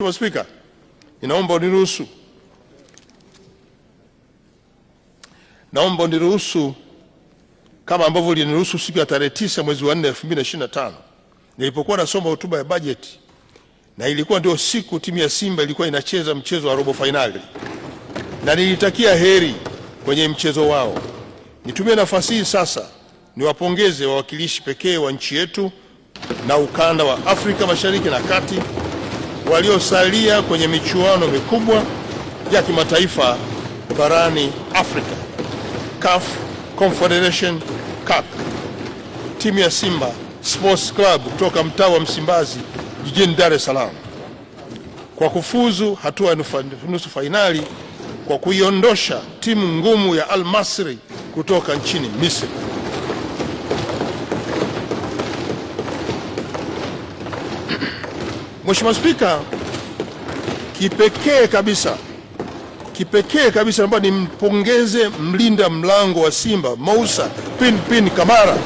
Mheshimiwa Spika, ninaomba uniruhusu naomba uniruhusu kama ambavyo uliniruhusu siku ya tarehe tisa mwezi wa 4 2025 nilipokuwa nasoma hotuba ya bajeti, na ilikuwa ndio siku timu ya Simba ilikuwa inacheza mchezo wa robo fainali, na nilitakia heri kwenye mchezo wao. Nitumie nafasi hii sasa niwapongeze wawakilishi pekee wa nchi yetu na ukanda wa Afrika Mashariki na Kati waliosalia kwenye michuano mikubwa ya kimataifa barani Afrika, CAF Confederation Cup. Timu ya Simba Sports Club kutoka mtaa wa Msimbazi jijini Dar es Salaam kwa kufuzu hatua ya nusu fainali kwa kuiondosha timu ngumu ya Al Masry kutoka nchini Misri. Mheshimiwa Spika, kipekee kabisa kipekee kabisa naomba nimpongeze mlinda mlango wa Simba Mousa Pin Pin Kamara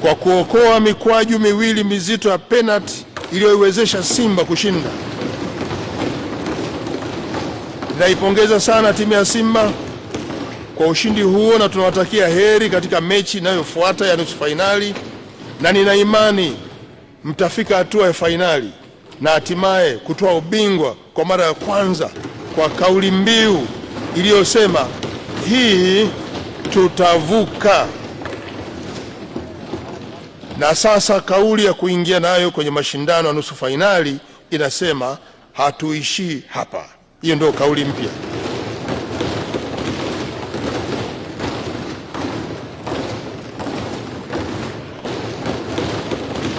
kwa kuokoa mikwaju miwili mizito ya penalti iliyoiwezesha Simba kushinda. Naipongeza sana timu ya Simba kwa ushindi huo, na tunawatakia heri katika mechi inayofuata ya nusu fainali, na nina imani mtafika hatua ya fainali na hatimaye kutoa ubingwa kwa mara ya kwanza kwa kauli mbiu iliyosema hii tutavuka. Na sasa kauli ya kuingia nayo kwenye mashindano ya nusu fainali inasema hatuishii hapa. Hiyo ndio kauli mpya.